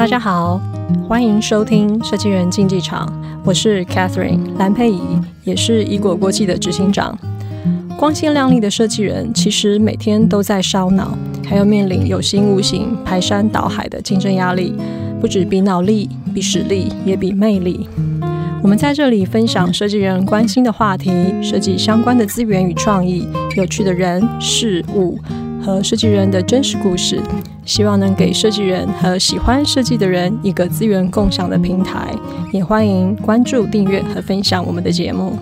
大家好，歡迎收聽設計人競技場。我是 Catherine 藍佩怡，也是儀菓國際的執行長。光鮮亮麗的設計人，其實每天都在燒腦，還要面臨有形無形、排山倒海的競爭壓力，不止比腦力、比實力，也比魅力。我們在這裡分享設計人關心的話題，設計相關的資源與創意，有趣的人事物，和設計人的真實故事，希望能給設計人和喜歡設計的人一個資源共享的平台。也歡迎關注、訂閱和分享我們的節目。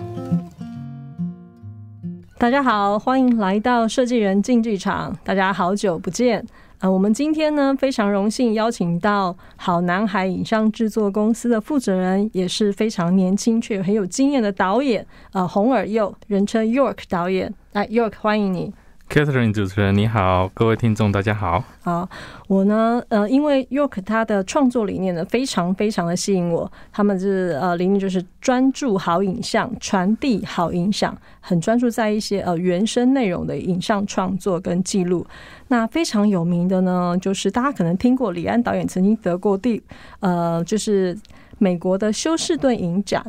大家好，歡迎來到設計人競技場。大家好久不見啊，呃！我們今天呢，非常榮幸邀請到好男孩影像制作公司的負責人，也是非常年輕卻很有經驗的導演，呃，洪爾佑，人稱 York 導演。來，呃，York，歡迎你。Katherine 主持人你好，各位聽眾大家好。好，我呢，呃，因為 York 他的創作理念呢非常非常的吸引我，他們、就是呃理念就是專注好影像，傳遞好影響，很專注在一些呃原生內容的影像創作跟記錄。那非常有名的呢，就是大家可能聽過李安導演曾經得過第呃，就是美國的休士頓影展。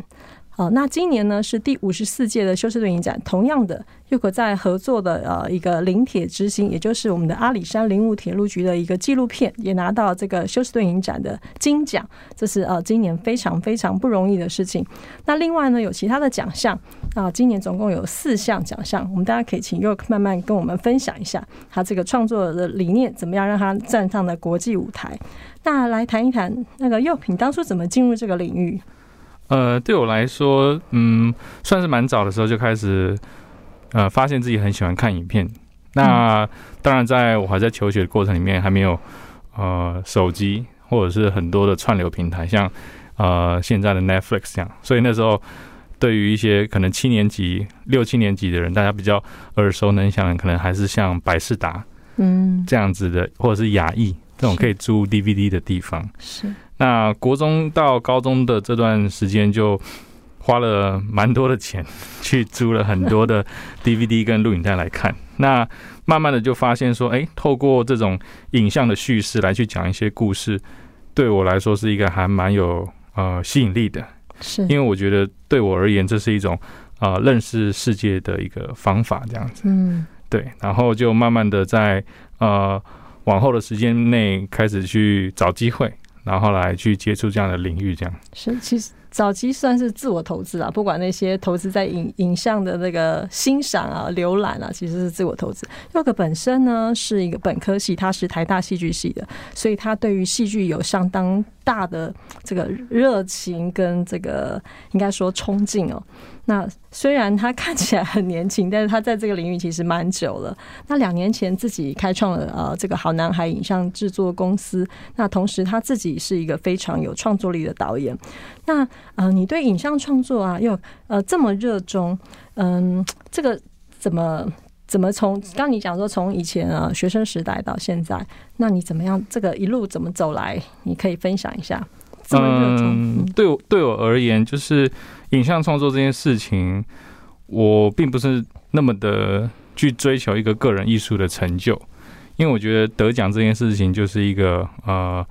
哦，那今年呢是第五十四屆的休斯頓影展，同樣的，又可在合作的呃一個林鐵之心，也就是我們的阿里山林務鐵路局的一個紀錄片，也拿到這個休斯頓影展的金獎，這是呃今年非常非常不容易的事情。那另外呢，有其他的獎項啊，今年總共有四項獎項，我們大家可以請 York 慢慢跟我們分享一下他這個創作的理念怎麼樣，讓他站上了國際舞台。那來談一談那個 york 你當初怎麼進入這個領域？呃，對我來說，嗯，算是蠻早的時候就開始，呃，發現自己很喜歡看影片。嗯、那當然，在我還在求學的過程裡面，還沒有呃手機或者是很多的串流平台，像呃現在的 Netflix 這樣。所以那時候，對於一些可能七年級、六七年級的人，大家比較耳熟能詳的，可能還是像百視達，嗯，這樣子的，嗯、或者是亞藝這種可以租 DVD 的地方。是。是那國中到高中的這段時間，就花了蠻多的錢去租了很多的 DVD 跟錄影帶來看。那慢慢的就發現說，哎，透過這種影像的敘事來去講一些故事，對我來說是一個還蠻有呃吸引力的。是，因為我覺得對我而言，這是一種啊、呃、認識世界的一個方法，這樣子。嗯，對。然後就慢慢的在呃往後的時間內開始去找機會。然後來去接觸這樣的領域，這樣是其實早期算是自我投資啊，不管那些投資在影影像的那個欣賞啊、瀏覽啊，其實是自我投資。York 本身呢是一個本科系，他是台大戲劇系的，所以他對於戲劇有相當大的這個熱情跟這個應該說衝勁哦。那雖然他看起來很年輕，但是他在這個領域其實蠻久了。那兩年前自己開創了呃這個好男孩影像製作公司。那同時他自己是一個非常有創作力的導演。那呃你對影像創作啊又呃這麼熱衷，嗯這個怎麼？怎麼從剛你講說，從以前啊學生時代到現在，那你怎麼樣這個一路怎麼走來？你可以分享一下。嗯，對我對我而言，就是影像創作這件事情，我並不是那麼的去追求一個個人藝術的成就，因為我覺得得獎這件事情就是一個呃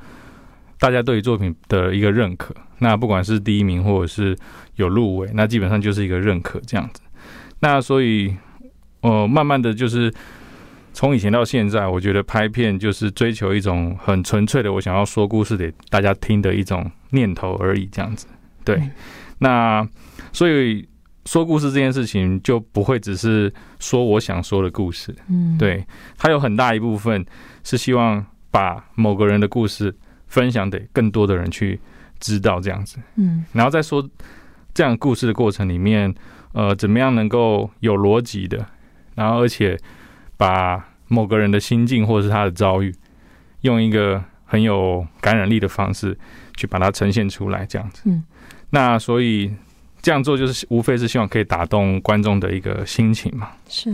大家對於作品的一個認可。那不管是第一名或者是有入圍，那基本上就是一個認可這樣子。那所以。哦、呃，慢慢的就是從以前到現在，我覺得拍片就是追求一種很純粹的，我想要說故事給大家聽的一種念頭而已，這樣子。對，嗯、那所以說故事這件事情就不會只是說我想說的故事，嗯，對，它有很大一部分是希望把某個人的故事分享給更多的人去知道，這樣子。嗯，然後在說這樣故事的過程裡面，呃，怎麼樣能夠有邏輯的。然後，而且把某個人的心境或是他的遭遇，用一個很有感染力的方式去把它呈現出來，這樣子。嗯。那所以這樣做就是無非是希望可以打動觀眾的一個心情嘛。是。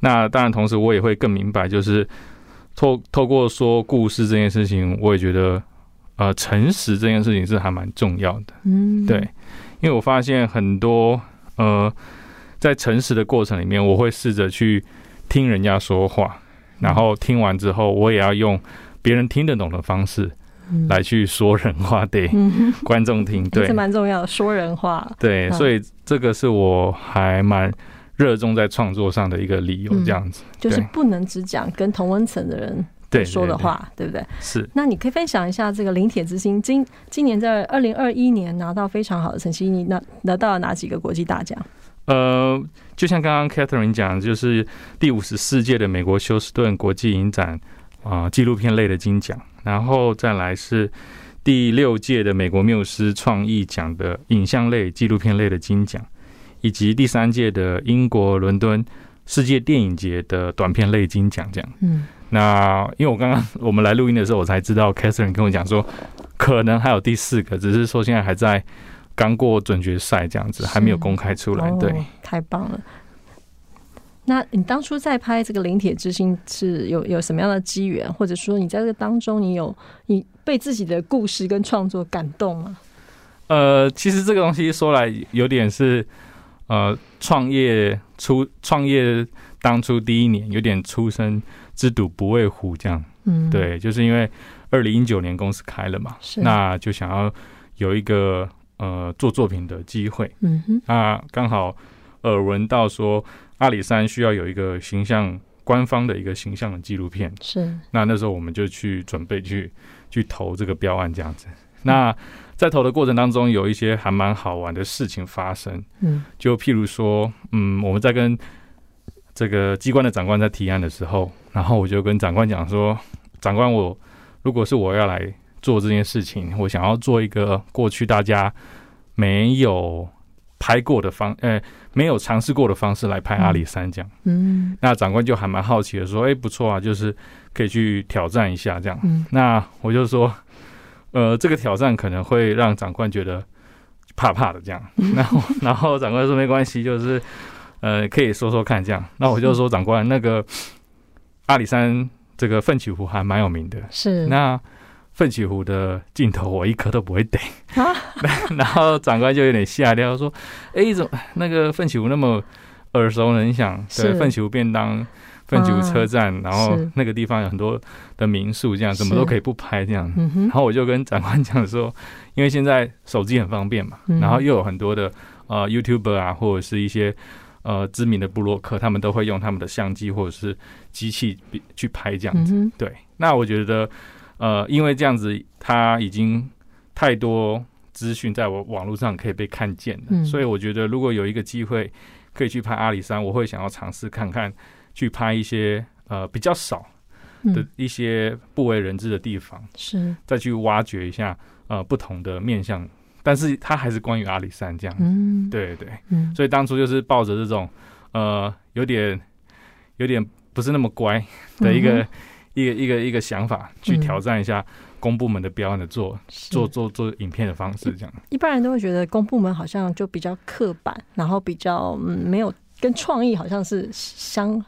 那當然，同時我也會更明白，就是透透過說故事這件事情，我也覺得呃，誠實這件事情是還蠻重要的。嗯。對，因為我發現很多呃。在誠實的過程裡面，我會試着去聽人家說話，然後聽完之後，我也要用別人聽得懂的方式來去說人話，對觀眾聽，對， 是蠻重要的，說人話，對，嗯，所以這個是我還蠻熱衷在創作上的一個理由，這樣子，就是不能只講跟同溫層的人說的話，對對對，對不對？是。那你可以分享一下，這個林鐵之心今今年在二零二一年拿到非常好的成績，你拿拿到了哪幾個國際大獎？呃，就像剛剛 Catherine 講，就是第五十四屆的美國休斯頓國際影展啊，呃、紀錄片類的金獎，然後再來是第六屆的美國繆斯創意獎的影像類紀錄片類的金獎，以及第三屆的英國倫敦世界電影節的短片類金獎獎。嗯，那因為我剛剛我們來錄音的時候，我才知道 Catherine 跟我講說，可能還有第四個，只是說現在還在。剛過準決賽這樣子，還沒有公開出來，哦。對，太棒了。那你當初在拍這個《林鐵之心》是有有什麼樣的機緣，或者說你在這個當中，你有你被自己的故事跟創作感動嗎？呃，其實這個東西說來有點是呃，創業初創業當初第一年，有點初生之犢不畏虎這樣。嗯。對，就是因為二零一九年公司開了嘛，是那就想要有一個。呃，做作品的機會，嗯哼，那、啊、剛好耳聞到說阿里山需要有一個形象官方的一個形象的紀錄片，是。那那時候我們就去準備去去投這個標案，這樣子。那在投的過程當中，有一些還蠻好玩的事情發生，嗯，就譬如說，嗯，我們在跟這個機關的長官在提案的時候，然後我就跟長官講說，長官我，我如果是我要來。做這件事情，我想要做一個過去大家沒有拍過的方，呃，沒有嘗試過的方式來拍阿里山，這樣。嗯。那長官就還蠻好奇的，說：“哎、欸，不錯啊，就是可以去挑戰一下，這樣。”嗯。那我就說：“呃，這個挑戰可能會讓長官覺得怕怕的，這樣。嗯”然後，然後長官說：“沒關係，就是呃，可以說說看，這樣。”那我就說：“長官，那個阿里山這個奮起湖還蠻有名的，是那。”奮起湖的鏡頭我一顆都不會頂、啊、 然後長官就有點嚇掉，說：“哎、欸，怎麼那個奮起湖那麼耳熟能詳？對，奮起湖便當、奮起湖車站、啊，然後那個地方有很多的民宿，這樣怎麼都可以不拍這樣。嗯、然後我就跟長官講說，因為現在手機很方便嘛、嗯，然後又有很多的呃 YouTuber 啊，或者是一些呃知名的部落客，他們都會用他們的相機或者是機器去拍這樣子、嗯。對，那我覺得。”呃，因為這樣子，他已經太多資訊在我網絡上可以被看見，嗯，所以我覺得如果有一個機會可以去拍阿里山，我會想要嘗試看看去拍一些呃比較少的，嗯，一些不為人知的地方，是再去挖掘一下呃不同的面向，但是它還是關於阿里山這樣，嗯，對對對，嗯，所以當初就是抱着這種呃有點有點不是那麼乖的一個。嗯一個一個一個想法，去挑戰一下公部門的標準的做、嗯、做做做影片的方式，這樣一,一般人都會覺得公部門好像就比較刻板，然後比較、嗯、沒有跟創意好像是相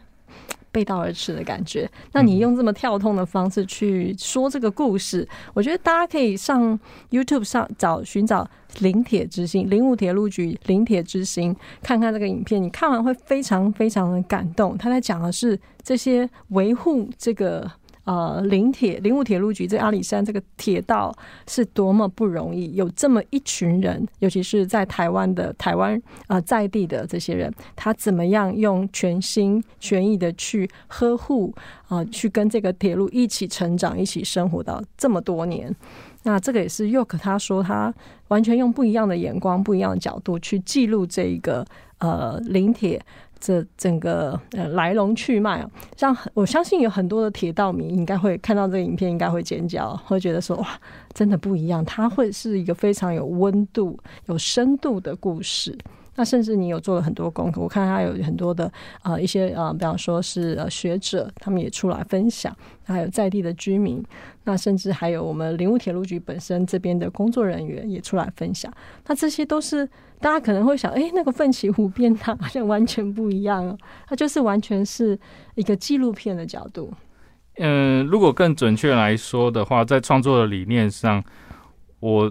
背道而馳的感覺。那你用這麼跳動的方式去說這個故事，嗯、我覺得大家可以上 YouTube 上找尋找“林鐵之心”——林務鐵路局“林鐵之心”，看看這個影片，你看完會非常非常的感動。他在講的是這些維護這個。呃，林鐵、林務鐵路局在、這個、阿里山這個鐵道是多麼不容易！有這麼一群人，尤其是在台灣的台灣啊、呃、在地的這些人，他怎麼樣用全心全意的去呵護啊、呃，去跟這個鐵路一起成長、一起生活到這麼多年。那這個也是 York 他說他完全用不一樣的眼光、不一樣的角度去記錄這一個呃林鐵。這整個呃來龍去脈啊，像很我相信有很多的鐵道迷應該會看到這個影片，應該會尖叫，會覺得說哇，真的不一樣，它會是一個非常有溫度、有深度的故事。那甚至你有做了很多功課，我看它有很多的啊、呃、一些啊、呃，比方說是、呃、學者，他們也出來分享，還有在地的居民，那甚至還有我們林務鐵路局本身這邊的工作人員也出來分享，那這些都是。大家可能會想，哎、欸，那個《奮起湖便當》好像完全不一樣哦，它就是完全是一個紀錄片的角度。嗯，如果更準確來說的話，在創作的理念上，我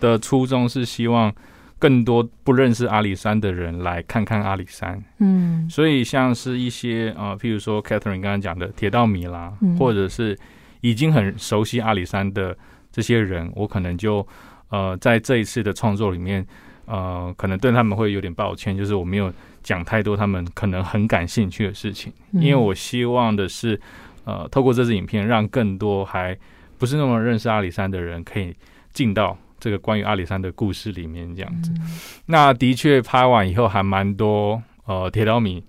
的初衷是希望更多不認識阿里山的人來看看阿里山。嗯，所以像是一些啊、呃，譬如說 Catherine 剛剛講的鐵道迷啦，嗯，或者是已經很熟悉阿里山的這些人，我可能就呃，在這一次的創作裡面。呃，可能對他們會有點抱歉，就是我沒有講太多他們可能很感興趣的事情，嗯、因為我希望的是，呃，透過這支影片，讓更多還不是那麼認識阿里山的人，可以進到這個關於阿里山的故事裡面。這樣子、嗯，那的確拍完以後，還蠻多呃鐵道迷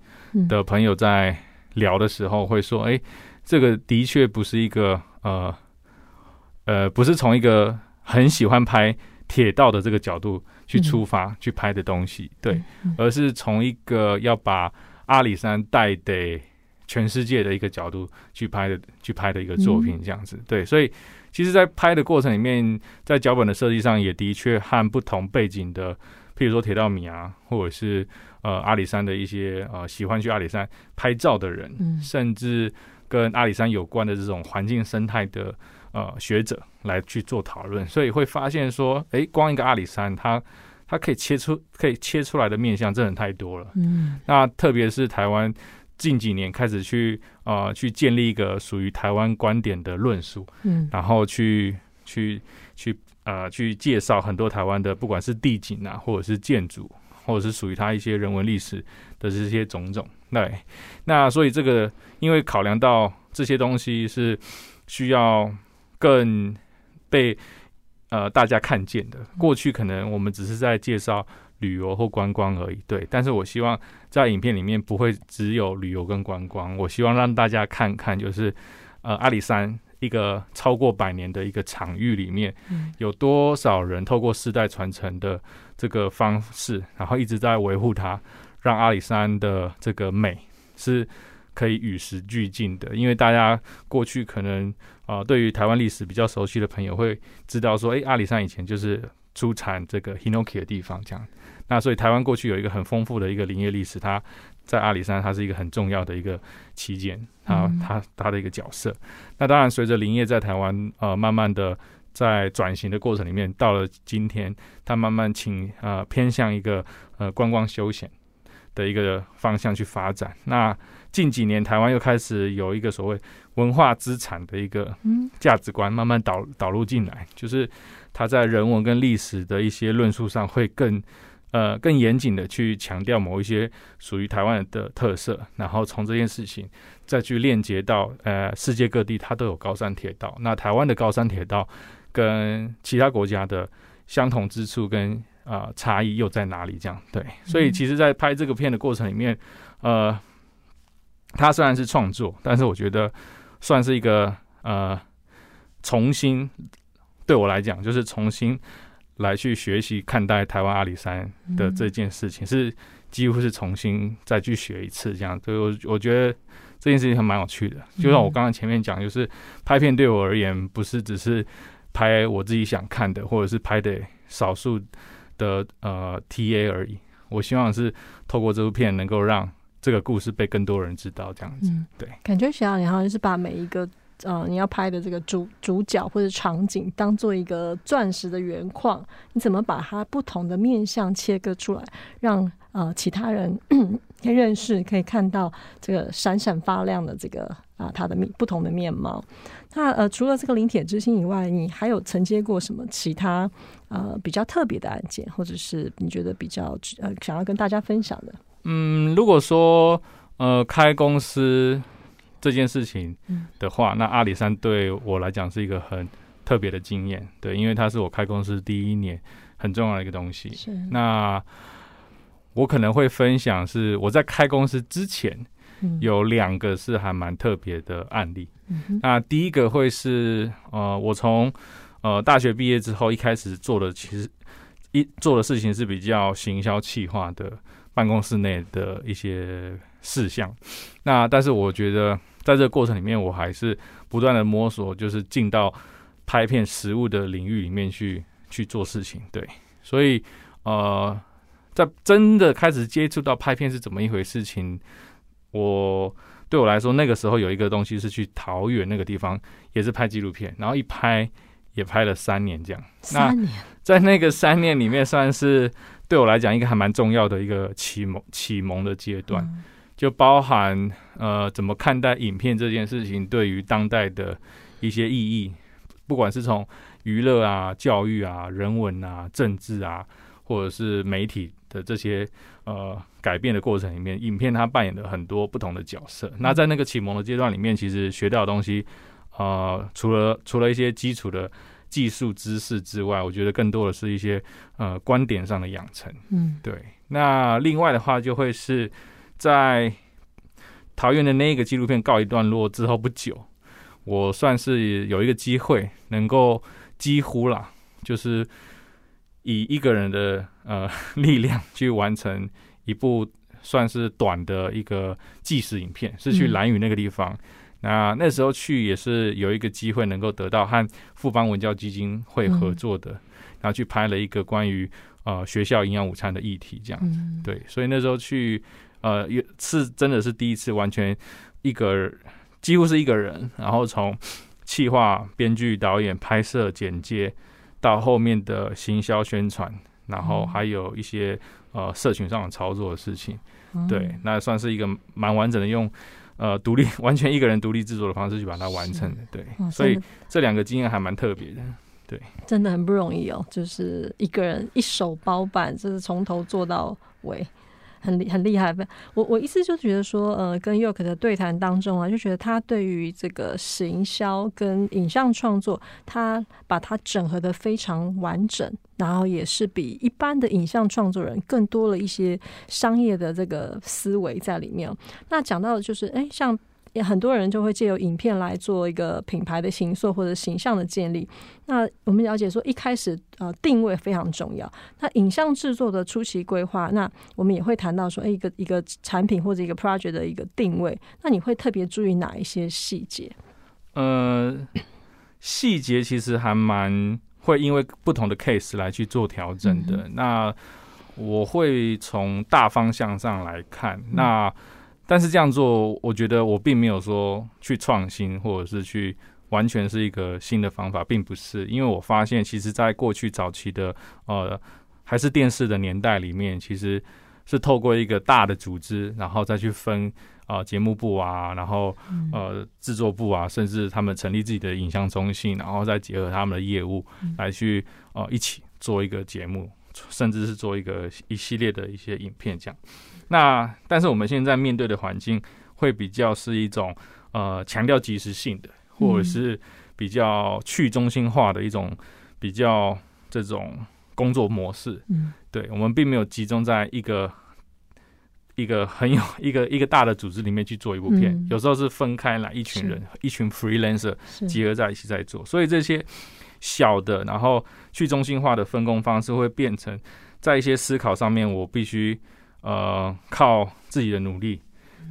的朋友在聊的時候會說，哎、嗯，這個的確不是一個呃呃，不是從一個很喜歡拍鐵道的這個角度去出發去拍的東西、嗯，對，而是從一個要把阿里山帶給全世界的一個角度去拍的去拍的一個作品這樣子，嗯、對，所以其實，在拍的過程裡面，在腳本的設計上，也的確和不同背景的，譬如說鐵道迷啊，或者是呃阿里山的一些呃喜歡去阿里山拍照的人、嗯，甚至跟阿里山有關的這種環境生態的，呃，學者來去做討論，所以會發現說，誒、欸，光一個阿里山，它它可以切出可以切出來的面向，真的太多了。嗯，那特別是台灣近幾年開始去啊、呃，去建立一個屬於台灣觀點的論述，嗯，然後去去去啊、呃，去介紹很多台灣的，不管是地景啊，或者是建築，或者是屬於它一些人文歷史的這些種種。對，那所以這個因為考量到這些東西是需要。更被呃，大家看見的，過去可能我們只是在介紹旅遊或觀光而已，對。但是我希望在影片裡面不會只有旅遊跟觀光，我希望讓大家看看，就是呃，阿里山一個超過百年的一個場域裡面，嗯，有多少人透過世代傳承的這個方式，然後一直在維護它，讓阿里山的這個美是可以與時俱進的，因為大家過去可能，啊、呃，對於台灣歷史比較熟悉的朋友會知道說，哎、欸，阿里山以前就是出產這個 Hinoki 的地方，這樣。那所以台灣過去有一個很豐富的一個林業歷史，它在阿里山它是一個很重要的一個旗艦、嗯啊、它它它的一個角色。那當然，隨着林業在台灣呃慢慢的在轉型的過程裡面，到了今天，它慢慢傾呃偏向一個呃觀光休閒的一個方向去發展。那近幾年，台灣又開始有一個所謂文化資產的一個價值觀，慢慢導導入進來，就是它在人文跟歷史的一些論述上，會更呃更嚴謹的去強調某一些屬於台灣的特色，然後從這件事情再去鏈接到呃世界各地，它都有高山鐵道。那台灣的高山鐵道跟其他國家的相同之處跟、啊、呃、差異又在哪裡？這樣對，所以其實在拍這個片的過程裡面，呃。他雖然是創作，但是我覺得算是一個呃，重新對我來講，就是重新來去學習看待台灣阿里山的這件事情，嗯，是幾乎是重新再去學一次這樣。所以我我覺得這件事情還蠻有趣的。就像我剛剛前面講，就是拍片對我而言，不是只是拍我自己想看的，或者是拍的少數的呃 TA 而已。我希望是透過這部片能夠讓。這個故事被更多人知道，這樣子、嗯、對，感覺小浩你好像是把每一個呃你要拍的這個主主角或者場景當做一個鑽石的原礦，你怎麼把它不同的面向切割出來，讓呃其他人可以認識，可以看到這個閃閃發亮的這個啊、呃、它的面不同的面貌。那呃除了這個林鐵之心以外，你還有承接過什麼其他呃比較特別的案件，或者是你覺得比較呃想要跟大家分享的？嗯，如果說呃開公司這件事情的話、嗯，那阿里山對我來講是一個很特別的經驗，對，因為它是我開公司第一年很重要的一個東西。是那我可能會分享是我在開公司之前，有兩個是還蠻特別的案例。嗯、那第一個會是呃，我從呃大學畢業之後一開始做的其實一做的事情是比較行銷企劃的。辦公室內的一些事項，那但是我覺得，在這個過程裡面，我還是不斷的摸索，就是進到拍片實務的領域裡面去去做事情。對，所以呃，在真的開始接觸到拍片是怎麼一回事情，我對我來說，那個時候有一個東西是去桃園那個地方，也是拍紀錄片，然後一拍也拍了三年這樣那。三年，在那個三年裡面算是。對我來講，一個還蠻重要的一個啟蒙啟蒙的階段，嗯、就包含呃，怎麼看待影片這件事情，對於當代的一些意義，不管是從娛樂啊、教育啊、人文啊、政治啊，或者是媒體的這些呃改變的過程裡面，影片它扮演了很多不同的角色。嗯、那在那個啟蒙的階段裡面，其實學到的東西啊、呃，除了除了一些基礎的。技術知識之外，我覺得更多的是一些呃觀點上的養成。嗯，對。那另外的話，就會是在桃園的那個紀錄片告一段落之後不久，我算是有一個機會，能夠幾乎啦，就是以一個人的呃力量去完成一部算是短的一個紀實影片，是去蘭嶼那個地方。嗯那那時候去也是有一個機會能夠得到和富邦文教基金會合作的，然後去拍了一個關於呃學校營養午餐的議題這樣子，對，所以那時候去呃是真的是第一次完全一個人，幾乎是一個人，然後從企劃、編劇、導演、拍攝、剪接到後面的行銷宣傳，然後還有一些呃社群上的操作的事情，對，那算是一個蠻完整的用。呃，獨立完全一個人獨立製作的方式去把它完成的，對，哦，所以這兩個經驗還蠻特別的，對，真的很不容易哦，就是一個人一手包辦，就是從頭做到尾。很厲很厲害，我我意思就是覺得說，呃，跟 York 的對談當中啊，就覺得他對於這個行銷跟影像創作，他把它整合得非常完整，然後也是比一般的影像創作人更多了一些商業的這個思維在裡面。那講到的就是，哎，像。很多人就會借由影片來做一個品牌的形塑或者形象的建立。那我們了解說，一開始呃定位非常重要。那影像制作的初期規劃，那我們也會談到說，誒，一個一個產品或者一個 project 的一個定位，那你會特別注意哪一些細節？呃，細節其實還蠻會因為不同的 case 來去做調整的。嗯。那我會從大方向上來看那。嗯。但是這樣做，我覺得我並沒有說去創新，或者是去完全是一個新的方法，並不是。因為我發現，其實，在過去早期的呃還是電視的年代裡面，其實是透過一個大的組織，然後再去分啊、呃、節目部啊，然後、嗯、呃製作部啊，甚至他們成立自己的影像中心，然後再結合他們的業務、嗯、來去呃一起做一個節目，甚至是做一個一系列的一些影片這樣。那但是我們現在面對的環境會比較是一種呃強調即時性的，或者是比較去中心化的一種比較這種工作模式。嗯，對，我們並沒有集中在一個一個很有一個一個大的組織裡面去做一部片，有時候是分開來，一群人一群 freelancer 集合在一起在做，所以這些小的然後去中心化的分工方式會變成在一些思考上面，我必須。呃，靠自己的努力，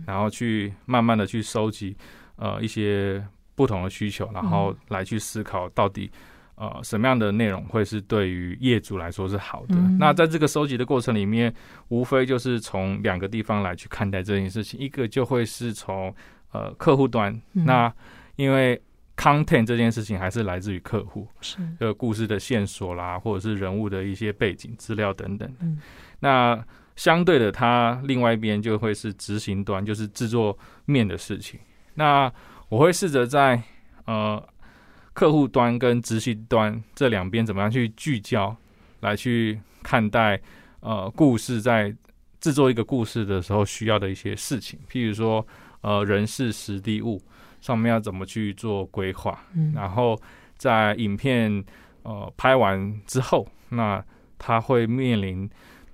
然後去慢慢的去收集，呃，一些不同的需求，然後來去思考到底，哦、呃，什麼樣的內容會是對於業主來說是好的。嗯、那在這個收集的過程裡面，無非就是從兩個地方來去看待這件事情，一個就會是從呃客戶端、嗯，那因為 content 這件事情還是來自於客戶，這個故事的線索啦，或者是人物的一些背景資料等等的、嗯，那。相對的，它另外一邊就會是執行端，就是製作面的事情。那我會試着在呃客戶端跟執行端這兩邊怎麼樣去聚焦，來去看待呃故事，在製作一個故事的時候需要的一些事情，譬如說呃人事時地物上面要怎麼去做規劃，然後在影片呃拍完之後，那他會面臨。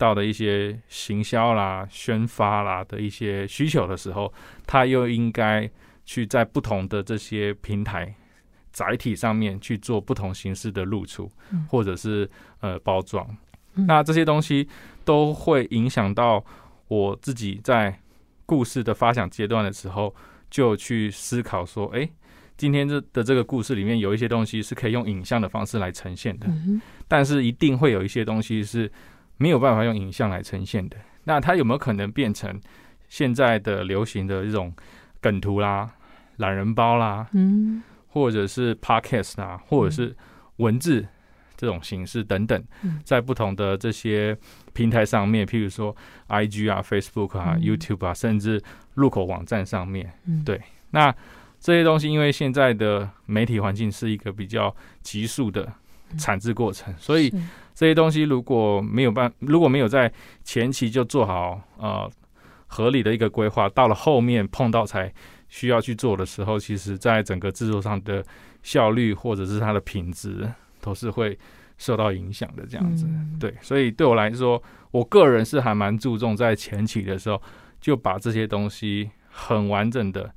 到的一些行銷啦、宣發啦的一些需求的時候，他又應該去在不同的這些平台載體上面去做不同形式的露出、嗯，或者是呃包裝、嗯。那這些東西都會影響到我自己在故事的發想階段的時候，就去思考說：哎、欸，今天這的這個故事裡面有一些東西是可以用影像的方式來呈現的，嗯、但是一定會有一些東西是。沒有辦法用影像來呈現的，那它有沒有可能變成現在的流行的這種梗圖啦、懶人包啦，嗯，或者是 Podcast 啊，或者是文字、嗯、這種形式等等、嗯，在不同的這些平台上面，譬如說 IG 啊、啊 Facebook 啊、嗯、YouTube 啊，甚至入口網站上面，嗯、對，那這些東西，因為現在的媒體環境是一個比較急速的。產製過程，所以這些東西如果沒有辦，如果沒有在前期就做好呃合理的一個規劃，到了後面碰到才需要去做的時候，其實在整個制作上的效率或者是它的品質都是會受到影響的。這樣子，嗯，對，所以對我來說，我個人是還蠻注重在前期的時候就把這些東西很完整的，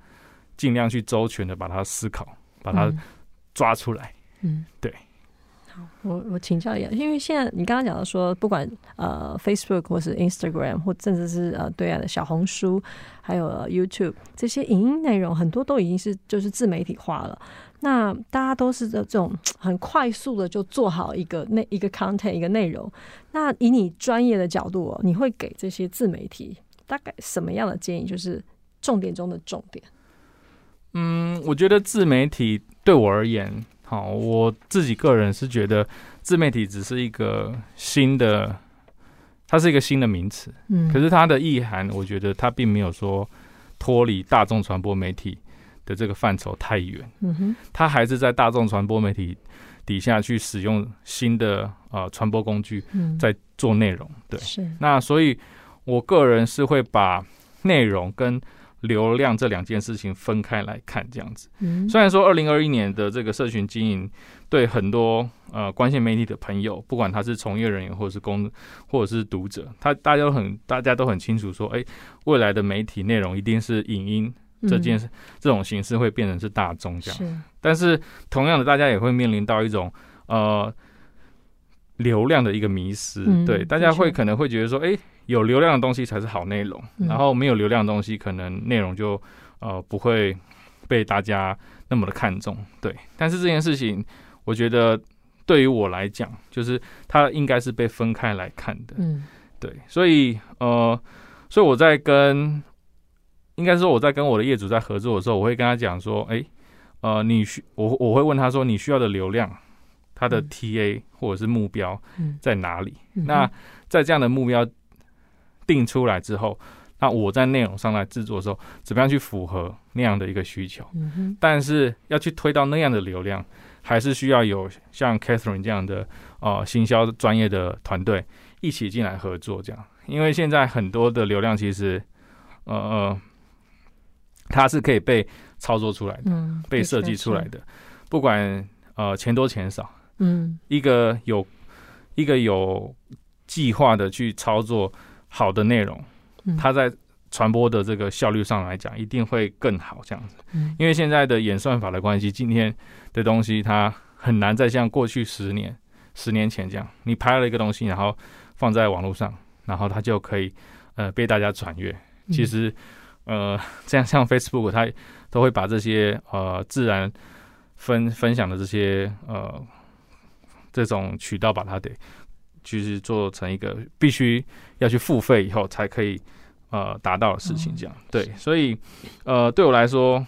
盡量去周全的把它思考，把它抓出來。嗯，對。我我請教一下，因為現在你剛剛講到說，不管呃 Facebook 或是 Instagram，或甚至是呃對岸的小紅書，還有 YouTube 這些影音內容，很多都已經是就是自媒體化了。那大家都是這這種很快速的就做好一個內一個 content 一個內容。那以你專業的角度，喔，你會給這些自媒體大概什麼樣的建議？就是重點中的重點。嗯，我覺得自媒體對我而言。好，我自己個人是覺得自媒體只是一個新的，它是一個新的名詞。嗯，可是它的意涵，我覺得它並沒有說脫離大眾傳播媒體的這個範疇太遠。嗯哼，它還是在大眾傳播媒體底下去使用新的呃傳播工具，在做內容，嗯。對，是。那所以，我個人是會把內容跟。流量這兩件事情分開來看，這樣子。雖然說二零二一年的這個社群經營，對很多呃光線媒體的朋友，不管他是從業人員或者是工，或者是讀者，他大家都很大家都很清楚，說誒、哎，未來的媒體內容一定是影音這件事，這種形式會變成是大眾這樣。但是同樣的，大家也會面臨到一種呃。流量的一個迷思，嗯，對，大家會可能會覺得說誒，誒，有流量的東西才是好內容，嗯，然後沒有流量的東西，可能內容就呃不會被大家那麼的看重，對。但是這件事情，我覺得對於我來講，就是它應該是被分開來看的，嗯，對。所以呃，所以我在跟應該說我在跟我的業主在合作的時候，我會跟他講說，哎，呃，你需我我會問他說，你需要的流量，它的 TA 或者是目標在哪裡？嗯、嗯，那在這樣的目標定出來之後，那我在內容上來制作的時候，怎麼樣去符合那樣的一個需求？嗯哼，但是要去推到那樣的流量，還是需要有像 Catherine 這樣的呃行銷專業的團隊一起進來合作，這樣。因為現在很多的流量其實，呃呃，它是可以被操作出來的，嗯，被設計出來的，嗯，不管呃錢多錢少。嗯，一個有，一個有計劃的去操作好的內容，它在傳播的這個效率上來講，一定會更好這樣子。因為現在的演算法的關係，今天的東西它很難再像過去十年、十年前這樣，你拍了一個東西，然後放在網絡上，然後它就可以呃被大家傳閱。其實呃，這樣像 Facebook，它都會把這些呃自然分分享的這些呃。這種渠道把它得，就是做成一個必須要去付費以後才可以呃達到的事情，這樣，對。所以呃對我來說，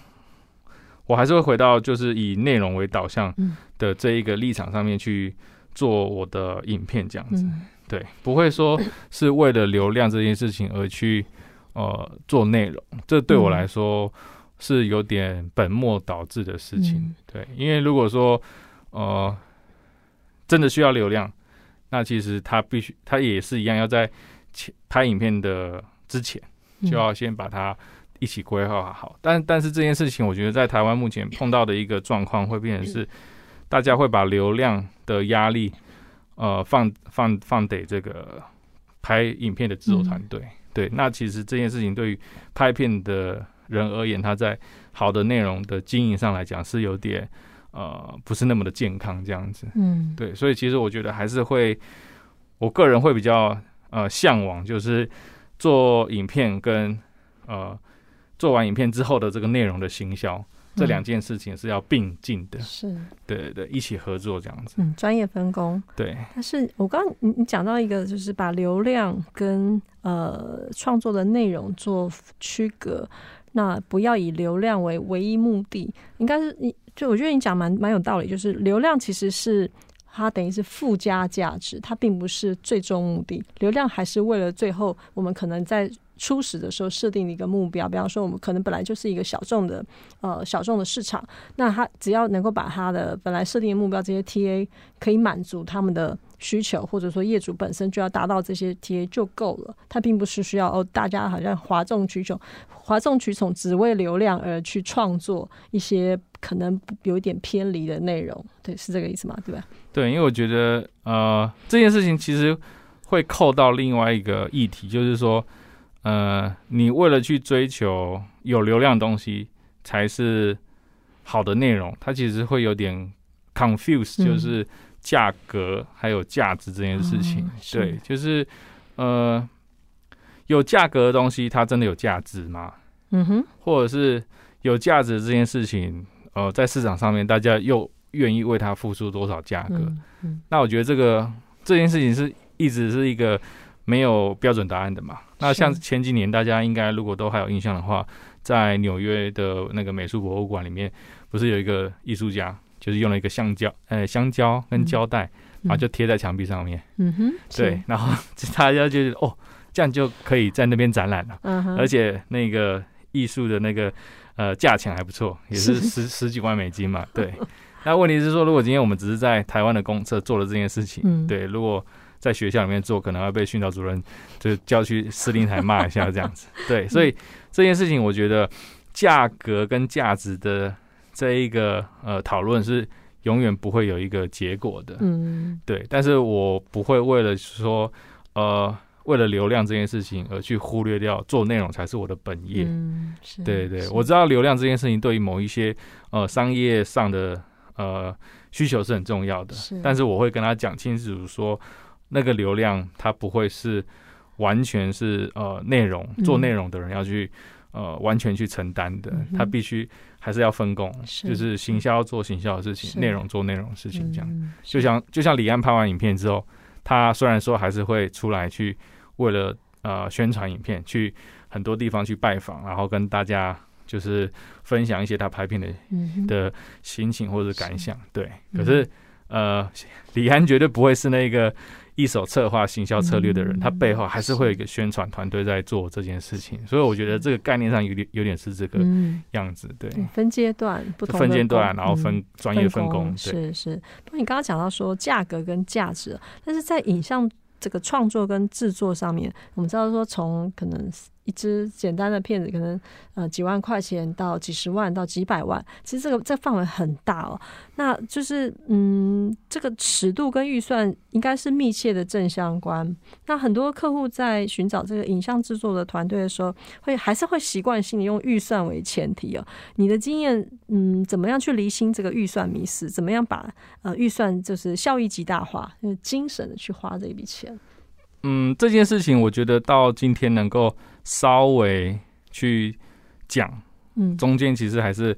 我還是會回到就是以內容為導向的這一個立場上面去做我的影片這樣子，對，不會說是為了流量這件事情而去呃做內容，這對我來說是有點本末倒置的事情，對，因為如果說呃。真的需要流量，那其實他必須，他也是一樣，要在前拍影片的之前，就要先把它一起規劃好。嗯、但但是這件事情，我覺得在台灣目前碰到的一個狀況，會變成是大家會把流量的壓力，呃，放放放給這個拍影片的製作團隊、嗯。對，那其實這件事情對於拍片的人而言，他在好的內容的經營上來講，是有點。呃，不是那麼的健康，這樣子，嗯，對，所以其實我覺得還是會，我個人會比較呃嚮往，就是做影片跟呃做完影片之後的這個內容的行銷，嗯，這兩件事情是要並進的，是，對對對，一起合作這樣子，嗯，專業分工，對，但是我剛剛你你講到一個，就是把流量跟呃創作的內容做區隔，那不要以流量為唯一目的，應該是你。就我覺得你講蠻蠻有道理，就是流量其實是它等於是附加價值，它並不是最終目的，流量還是為了最後我們可能在。初始的時候設定的一個目標，比方說我們可能本來就是一個小眾的，呃，小眾的市場。那他只要能夠把他的本來設定的目標，這些 TA 可以滿足他們的需求，或者說業主本身就要達到這些 TA 就夠了。他並不是需要哦，大家好像嘩眾取寵，嘩眾取寵，只為流量而去創作一些可能有一點偏離的內容。對，是這個意思嗎？對吧？對，因為我覺得呃，這件事情其實會扣到另外一個議題，就是說。呃，你為了去追求有流量的東西才是好的內容，它其實會有點 confuse，嗯、就是價格還有價值這件事情。嗯、對，就是呃，有價格的東西它真的有價值嗎？嗯哼，或者是有價值這件事情，呃，在市場上面大家又願意為它付出多少價格，嗯嗯。那我覺得這個這件事情是一直是一個，沒有標準答案的嘛？那像前幾年，大家應該如果都還有印象的話，在紐約的那個美術博物館裡面，不是有一個藝術家，就是用了一個橡膠，呃，香蕉跟膠帶、嗯，然後就貼在牆壁上面。嗯哼。對，然後大家就哦，這樣就可以在那邊展覽了。嗯哼。而且那個藝術的那個呃價錢還不錯，也是十是十幾萬美金嘛。對。那問題是說，如果今天我們只是在台灣的公廁做了這件事情，嗯、對，如果。在學校裡面做，可能要被訓導主任就叫去司令台罵一下，這樣子。 對，所以這件事情，我覺得價格跟價值的這一個呃討論是永遠不會有一個結果的。嗯，對。但是我不會為了說呃為了流量這件事情而去忽略掉做內容才是我的本業。嗯，是。對對，對，我知道流量這件事情對於某一些呃商業上的呃需求是很重要的。是。但是我會跟他講清楚說。那個流量，它不會是完全是呃內容做內容的人要去呃完全去承擔的，他必須還是要分工，就是行銷做行銷的事情，內容做內容的事情這樣。就像就像李安拍完影片之後，他雖然說還是會出來去為了呃宣傳影片，去很多地方去拜訪，然後跟大家就是分享一些他拍片的的心情或者感想。對，可是呃李安絕對不會是那個。一手策劃行銷策略的人。嗯，他背後還是會有一個宣傳團隊在做這件事情，所以我覺得這個概念上，有點有點是這個樣子，嗯、對。分階段，不同，分階段然後分專業分工，嗯、分工對是是。不過你剛剛講到說價格跟價值，但是在影像這個創作跟製作上面，我們知道說從可能。一支簡單的片子，可能呃幾萬塊錢到幾十萬到幾百萬，其實這個這範圍很大哦。那就是嗯，這個尺度跟預算應該是密切的正相關。那很多客戶在尋找這個影像制作的團隊的時候，會還是會習慣性的用預算為前提哦。你的經驗嗯，怎麼樣去釐清這個預算迷思，怎麼樣把呃預算就是效益極大化，就是精省的去花這一筆錢？嗯，這件事情我覺得到今天能夠稍微去講，嗯，中間其實還是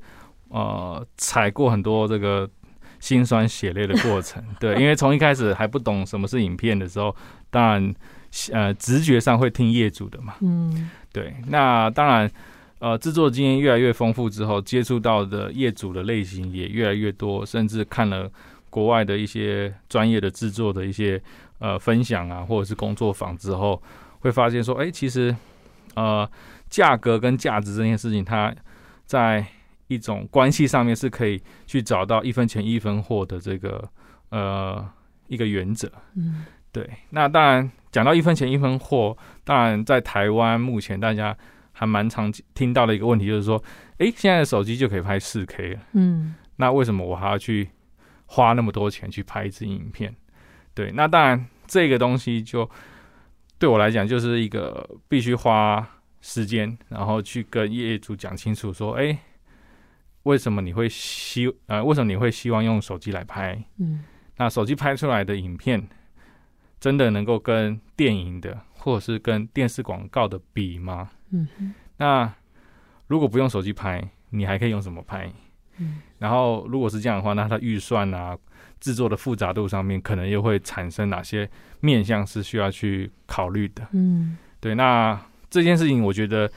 呃踩過很多這個心酸血淚的過程， 對，因為從一開始還不懂什麼是影片的時候，當然呃直覺上會聽業主的嘛，嗯，對，那當然呃制作經驗越來越豐富之後，接觸到的業主的類型也越來越多，甚至看了國外的一些專業的制作的一些。呃，分享啊，或者是工作坊之後，會發現說，哎、欸，其實，呃，價格跟價值這件事情，它在一種關係上面是可以去找到一分錢一分貨的這個呃一個原則。嗯，對。那當然講到一分錢一分貨，當然在台灣目前大家還蠻常聽到的一個問題就是說，誒、欸，現在的手機就可以拍四 K 了。嗯，那為什麼我還要去花那麼多錢去拍一支影片？對，那當然，這個東西就對我來講就是一個必須花時間，然後去跟業主講清楚，說，哎、欸，為什麼你會希，呃，為什麼你會希望用手機來拍？嗯，那手機拍出來的影片真的能夠跟電影的或者是跟電視廣告的比嗎？嗯，那如果不用手機拍，你還可以用什麼拍？嗯，然後如果是這樣的話，那他預算啊。製作的複雜度上面，可能又會產生哪些面向是需要去考慮的？嗯，對。那這件事情，我覺得，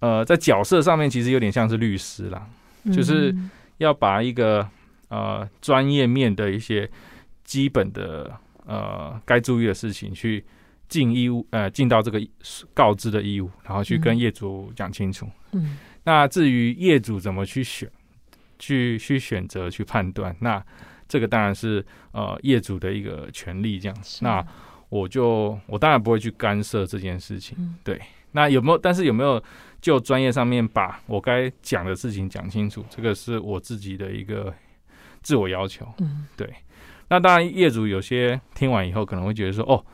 呃，在角色上面其實有點像是律師啦，就是要把一個呃專業面的一些基本的呃該注意的事情去盡義務，呃，盡到這個告知的義務，然後去跟業主講清楚。嗯。那至於業主怎麼去選、去去選擇、去判斷，那。這個當然是呃業主的一個權利，這樣子。啊、那我就我當然不會去干涉這件事情，嗯。對，那有沒有？但是有沒有就專業上面把我該講的事情講清楚？嗯、這個是我自己的一個自我要求。嗯，對。那當然，業主有些聽完以後可能會覺得說：“哦，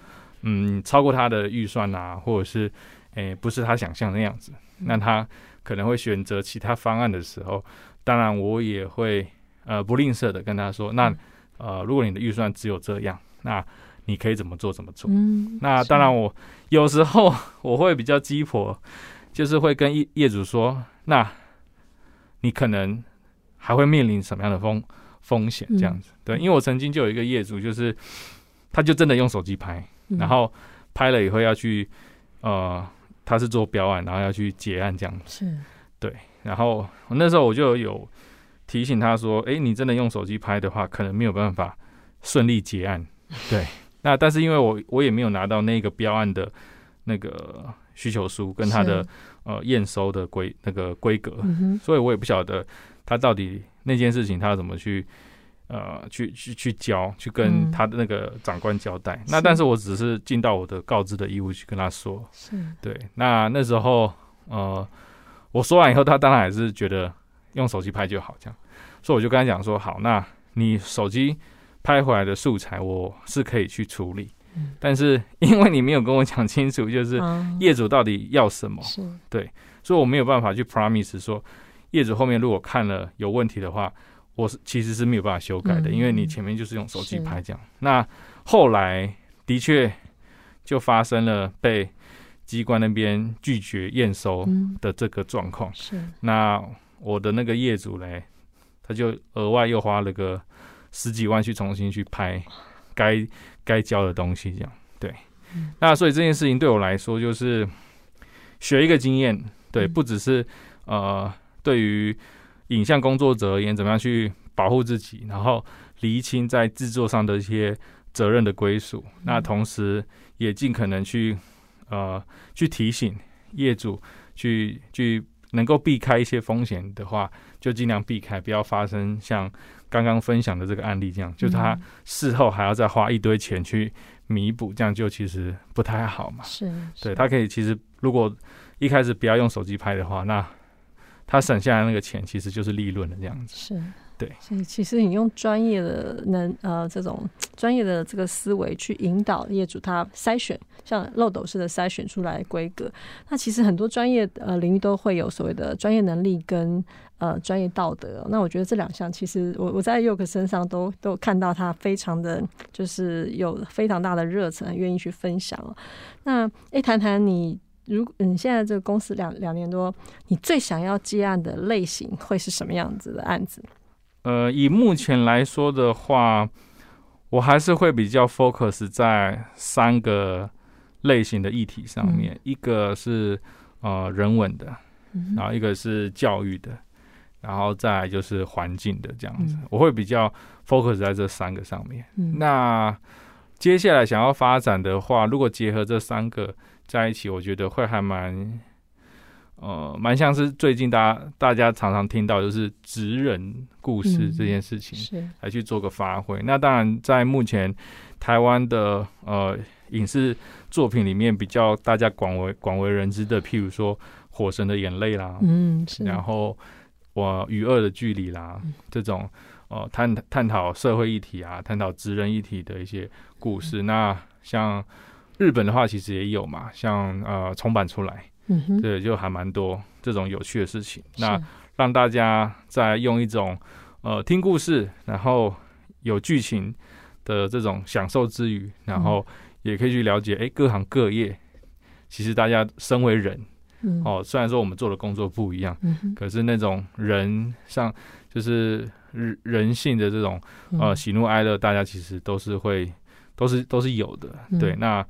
嗯，超過他的預算啊，或者是誒、呃、不是他想象的那樣子。嗯”那他可能會選擇其他方案的時候，當然我也會。呃，不吝嗇的跟他說，那呃，如果你的預算只有這樣，那你可以怎麼做怎麼做。嗯，那當然，我有時候我會比較雞婆，就是會跟業業主說，那你可能還會面臨什麼樣的風風險？這樣子。嗯，對，因為我曾經就有一個業主，就是他就真的用手機拍，嗯，然後拍了以後要去呃，他是做標案，然後要去結案這樣子，是，對，然後那時候我就有。提醒他說：“誒、欸，你真的用手機拍，的話，可能沒有辦法順利結案。”對，那但是因為我我也沒有拿到那個標案的，那個需求書跟他的呃驗收的規那個規格，嗯，所以我也不曉得他到底那件事情他怎麼去呃去去去交，去跟他的那個長官交代。嗯、那但是我只是盡到我的告知的義務去跟他說是，對。那那時候呃我說完以後，他當然還是覺得用手機拍就好，這樣。所以我就跟他講說：“好，那你手機拍回來的素材，我是可以去處理、嗯，但是因為你沒有跟我講清楚，就是、啊、業主到底要什麼，對，所以我沒有辦法去 promise 說業主後面如果看了有問題的話，我是其實是沒有辦法修改的，嗯、因為你前面就是用手機拍這樣。那後來的確就發生了被機關那邊拒絕驗收的這個狀況、嗯。是，那我的那個業主嘞。”他就額外又花了個十幾萬去重新去拍該該交的東西，這樣對、嗯。那所以這件事情對我來說就是學一個經驗，對，嗯、不只是呃對於影像工作者而言，怎麼樣去保護自己，然後釐清在製作上的一些責任的歸屬。嗯、那同時也盡可能去呃去提醒業主去，去去能夠避開一些風險的話。就盡量避開，不要發生像剛剛分享的這個案例這樣，就是他事後還要再花一堆錢去彌補，嗯，這樣就其實不太好嘛。是，是，對，他可以其實如果一開始不要用手機拍的話，那他省下來那個錢其實就是利潤的這樣子。是，對。所以其實你用專業的能呃這種專業的這個思維去引導業主他，他篩選像漏斗式的篩選出來規格，那其實很多專業呃領域都會有所謂的專業能力跟，呃，專業道德。那我覺得這兩項，其實我我在 York 身上都都看到他非常的就是有非常大的熱忱，願意去分享。那，欸，談談你，如你現在這個公司兩兩年多，你最想要接案的類型會是什麼樣子的案子？呃，以目前來說的話，我還是會比較 focus 在三個類型的議題上面，嗯、一個是呃人文的、嗯，然後一個是教育的。然後再來就是環境的這樣子，嗯，我會比較 focus 在這三個上面，嗯。那接下來想要發展的話，如果結合這三個在一起，我覺得會還蠻呃，蠻像是最近大家大家常常聽到就是職人故事這件事情，嗯，是來去做個發揮。那當然在目前台灣的呃影視作品裡面，比較大家廣為廣為人知的，譬如說《火神的眼淚》啦，嗯，是，然後。我與惡的距離啦，這種呃探探討社會議題啊，探討職人議題的一些故事。嗯、那像日本的話，其實也有嘛，像呃重版出來，嗯哼、對，就還蠻多這種有趣的事情。啊、那讓大家在用一種呃聽故事，然後有劇情的這種享受之餘，然後也可以去了解，哎、嗯欸，各行各業其實大家身為人。嗯，哦，雖然說我們做的工作不一樣，嗯，可是那種人像就是人人性的這種、嗯、呃喜怒哀樂，大家其實都是會都是都是有的，嗯、對。那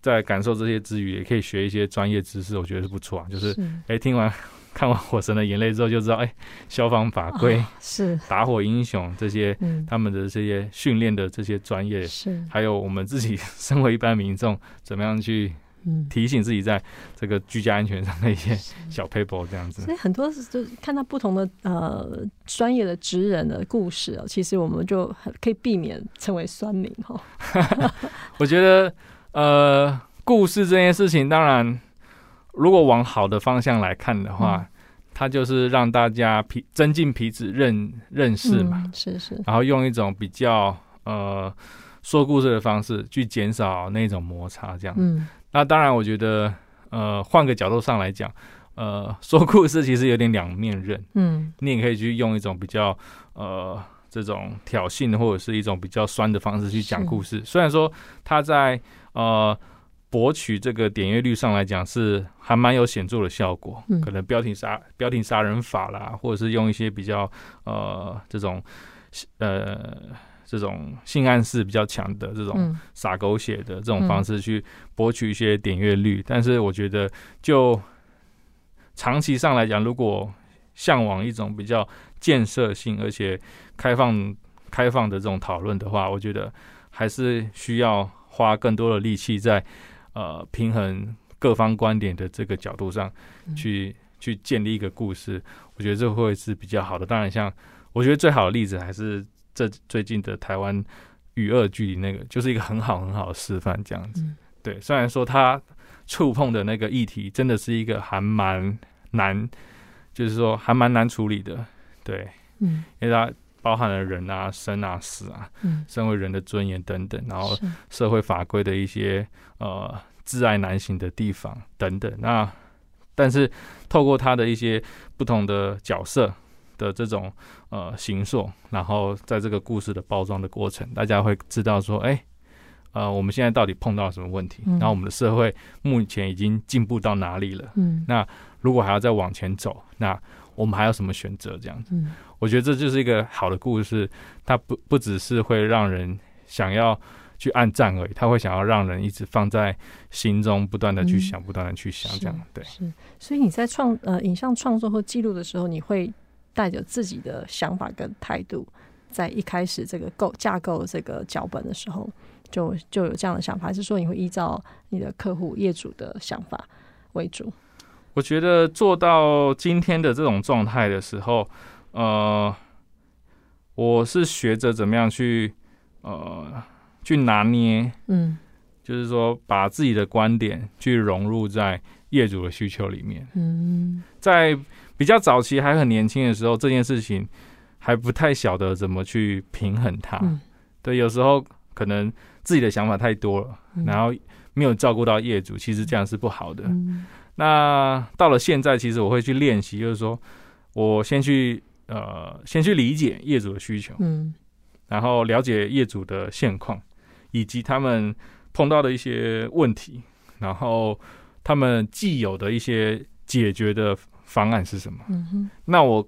在感受這些之餘，也可以學一些專業知識，我覺得是不錯啊。就是哎、欸、聽完看完《火神的眼淚》之後，就知道哎、欸、消防法規、哦、是打火英雄這些、嗯、他們的這些訓練的這些專業是，還有我們自己身為一般民眾怎麼樣去。提醒自己在這個居家安全上的一些小 paper 這樣子，嗯，所以很多就是看到不同的呃專業的職人的故事哦，其實我們就可以避免成為酸民哈、哦 我覺得呃故事這件事情，當然如果往好的方向來看的話，嗯、它就是讓大家彼增進彼此認認識嘛、嗯，是是，然後用一種比較呃說故事的方式去減少那種摩擦這樣。嗯那當然，我覺得，呃，換個角度上來講，呃，說故事其實有點兩面刃。嗯，你也可以去用一種比較，呃，這種挑釁的或者是一種比較酸的方式去講故事、嗯。雖然說他在呃博取這個點閱率上來講是還蠻有顯著的效果，嗯、可能標題殺、標題殺人法啦，或者是用一些比較呃這種呃。這種性暗示比較強的這種撒狗血的這種方式去博取一些點閱率，但是我覺得就長期上來講，如果嚮往一種比較建設性而且開放開放的這種討論的話，我覺得還是需要花更多的力氣在呃平衡各方觀點的這個角度上去去建立一個故事。我覺得這會是比較好的。當然，像我覺得最好的例子還是，這最近的台灣與惡距離，那個就是一個很好很好的示範，這樣子。對，雖然說他觸碰的那個議題真的是一個還蠻難，就是說還蠻難處理的。對，嗯，因為它包含了人啊、生啊、死啊，嗯，身為人的尊嚴等等，然後社會法規的一些呃，窒礙難行的地方等等。那但是透過他的一些不同的角色，的這種呃形塑，然後在這個故事的包裝的過程，大家會知道說，哎、欸，呃，我們現在到底碰到了什麼問題？嗯？然後我們的社會目前已經進步到哪裡了？嗯，那如果還要再往前走，那我們還有什麼選擇？這樣子，嗯，我覺得這就是一個好的故事，它不不只是會讓人想要去按讚而已，它會想要讓人一直放在心中，不斷的去想，嗯、不斷的去想，嗯、這樣對。是，所以你在創呃影像創作或記錄的時候，你會。帶着自己的想法跟態度，在一開始這個構架構這個腳本的時候，就就有這樣的想法，還是說你會依照你的客戶業主的想法為主？我覺得做到今天的這種狀態的時候，呃，我是學着怎麼樣去呃去拿捏，嗯，就是說把自己的觀點去融入在業主的需求裡面，嗯，在。比較早期還很年輕的時候，這件事情還不太曉得怎麼去平衡它。對，有時候可能自己的想法太多了，然後沒有照顧到業主，其實這樣是不好的。那到了現在，其實我會去練習，就是說我先去呃，先去理解業主的需求，嗯，然後了解業主的現況以及他們碰到的一些問題，然後他們既有的一些解決的。方案是什麼？嗯哼、那我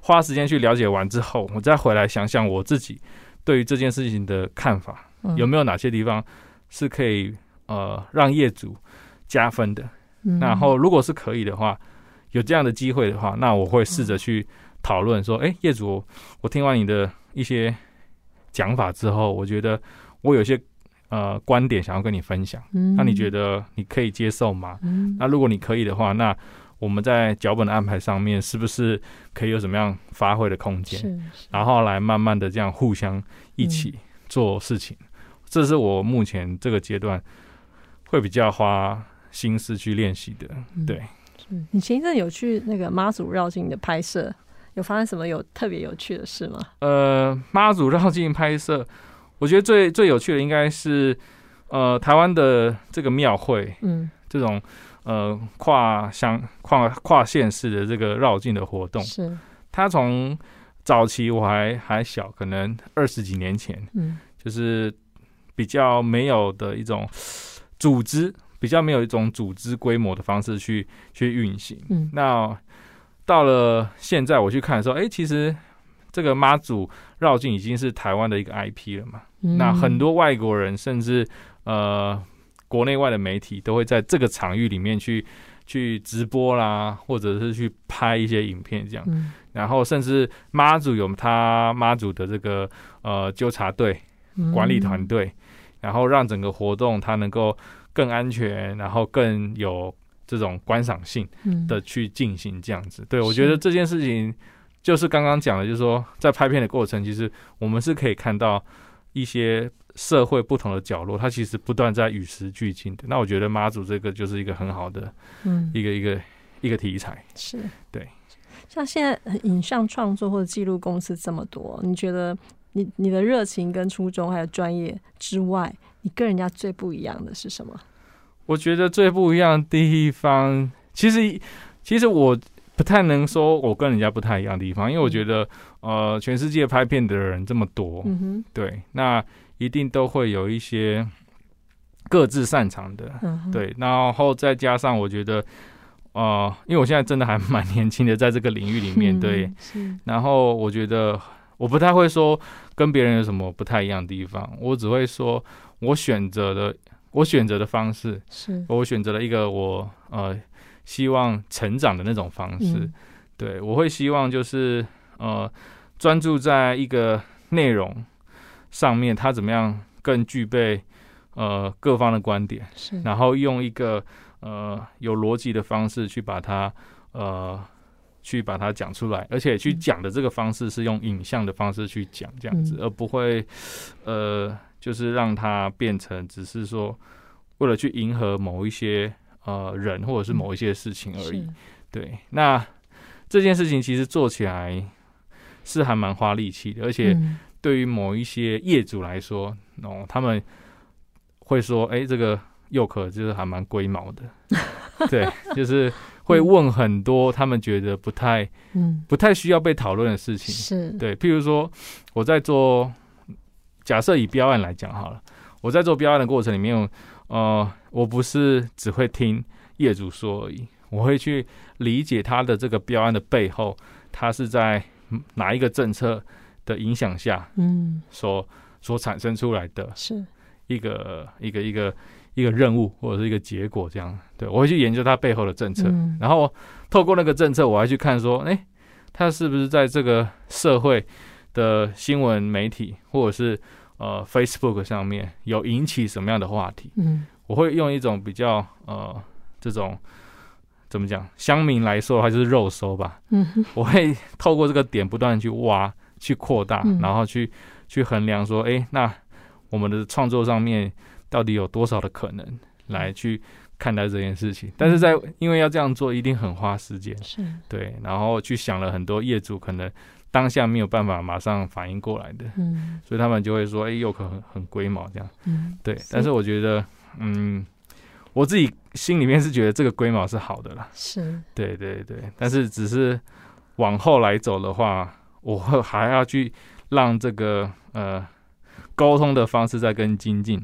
花時間去了解完之後，我再回來想想我自己對於這件事情的看法、嗯，有沒有哪些地方是可以呃讓業主加分的？嗯哼、然後，如果是可以的話，有這樣的機會的話，那我會試着去討論說，誒、嗯欸，業主，我聽完你的一些講法之後，我覺得我有些呃觀點想要跟你分享、嗯哼。那你覺得你可以接受嗎？嗯哼、那如果你可以的話，那我們在腳本的安排上面，是不是可以有什麼樣發揮的空間？是，然後來慢慢的這樣互相一起做事情，嗯、這是我目前這個階段會比較花心思去練習的、嗯。對，你前一陣有去那個媽祖繞境的拍攝，有發生什麼有特別有趣的事嗎？呃，媽祖繞境拍攝，我覺得最最有趣的應該是呃台灣的這個廟會，嗯，這種。呃，跨鄉跨跨縣市的這個繞境的活動，是它從早期我還還小，可能二十幾年前，嗯，就是比較沒有的一種組織，比較沒有一種組織規模的方式去去運行。嗯，那到了現在我去看的時候，哎、欸，其實這個媽祖繞境已經是台灣的一個 IP 了嘛、嗯。那很多外國人甚至呃。國內外的媒體都會在這個場域裡面去去直播啦，或者是去拍一些影片這樣。嗯、然後甚至媽祖有他媽祖的這個呃糾察隊管理團隊、嗯嗯，然後讓整個活動它能夠更安全，然後更有這種觀賞性的去進行這樣子。嗯、對我覺得這件事情就是剛剛講的，就是說在拍片的過程，其實我們是可以看到一些。社會不同的角落，它其實不斷在與時俱進的。那我覺得媽祖這個就是一個很好的，嗯，一個一個、嗯、一個題材。是對，像現在影像創作或者記錄公司這麼多，你覺得你你的熱情跟初衷還有專業之外，你跟人家最不一樣的是什麼？我覺得最不一樣的地方，其實其實我不太能說我跟人家不太一樣的地方，因為我覺得、嗯、呃，全世界拍片的人這麼多，嗯哼，對，那。一定都會有一些各自擅長的、嗯，對，然後再加上我覺得，呃，因為我現在真的還蠻年輕的，在這個領域裡面、嗯，對，是。然後我覺得我不太會說跟別人有什麼不太一樣的地方，我只會說我選擇的我選擇的方式，是我選擇了一個我呃希望成長的那種方式，嗯、對我會希望就是呃專注在一個內容上面他怎麼樣更具備呃各方的觀點，是、然後用一個呃有邏輯的方式去把它呃去把它講出來，而且去講的這個方式是用影像的方式去講這樣子，嗯、而不會呃就是讓它變成只是說為了去迎合某一些呃人或者是某一些事情而已、嗯。對，那這件事情其實做起來是還蠻花力氣的，而且、嗯。對於某一些業主來說，哦、他們會說：“哎，這個 York 就是還蠻龜毛的。 ”對，就是會問很多他們覺得不太嗯不太需要被討論的事情。是、嗯，對，譬如說，我在做假設以標案來講好了，我在做標案的過程裡面，呃，我不是只會聽業主說而已，我會去理解他的這個標案的背後，他是在哪一個政策。的影響下，嗯，所所產生出來的是一,一個一個一個一個任務或者是一個結果，這樣，對，我會去研究它背後的政策，然後透過那個政策，我還去看說，哎，它是不是在這個社會的新聞媒體或者是呃 Facebook 上面有引起什麼樣的話題？嗯，我會用一種比較呃，這種怎麼講，鄉民來說還就是肉搜吧，嗯哼，我會透過這個點不斷去挖。去擴大，然後去、嗯、去衡量說，哎、欸，那我們的創作上面到底有多少的可能，來去看待這件事情。嗯、但是在因為要這樣做，一定很花時間，是對，然後去想了很多業主可能當下沒有辦法馬上反應過來的，嗯，所以他們就會說，哎、欸，又可很很龜毛這樣，嗯，對。但是我覺得，嗯，我自己心裡面是覺得這個龜毛是好的啦，是，對對對，但是只是往後來走的話。我還要去讓這個呃溝通的方式再更精進，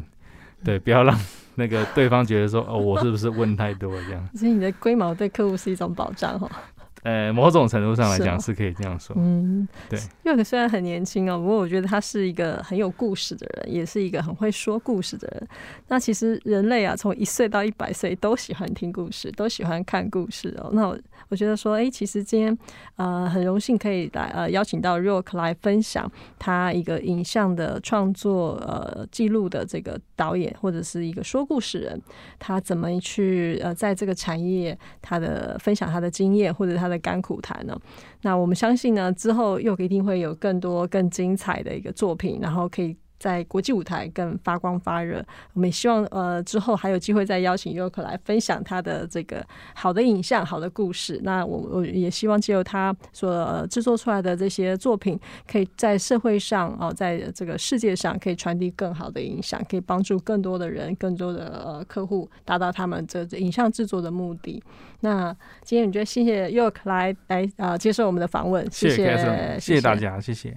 對，不要讓那個對方覺得說 哦，我是不是問太多這樣？所以你的龜毛對客戶是一種保障哈、哦。呃，某種程度上來講是可以這樣說。哦、嗯，對，因為你雖然很年輕哦，不過我覺得他是一個很有故事的人，也是一個很會說故事的人。那其實人類啊，從一歲到一百歲都喜歡聽故事，都喜歡看故事哦。那我。我覺得說，誒，其實今天，呃，很榮幸可以來呃邀請到 York 來分享他一個影像的創作呃記錄的這個導演或者是一個說故事人，他怎麼去呃在這個產業他的分享他的經驗或者他的甘苦談呢？那我們相信呢，之後 York 一定會有更多更精彩的一個作品，然後可以。在國際舞台更發光發熱，我們也希望呃之後還有機會再邀請 York 來分享他的這個好的影像、好的故事。那我我也希望借由他所、呃、制作出來的這些作品，可以在社會上哦、呃，在這個世界上可以傳遞更好的影響，可以幫助更多的人、更多的、呃、客戶達到他們這影像制作的目的。那今天我覺得謝謝 York 來來啊、呃、接受我們的訪問，謝謝,謝,謝，謝謝大家，謝謝。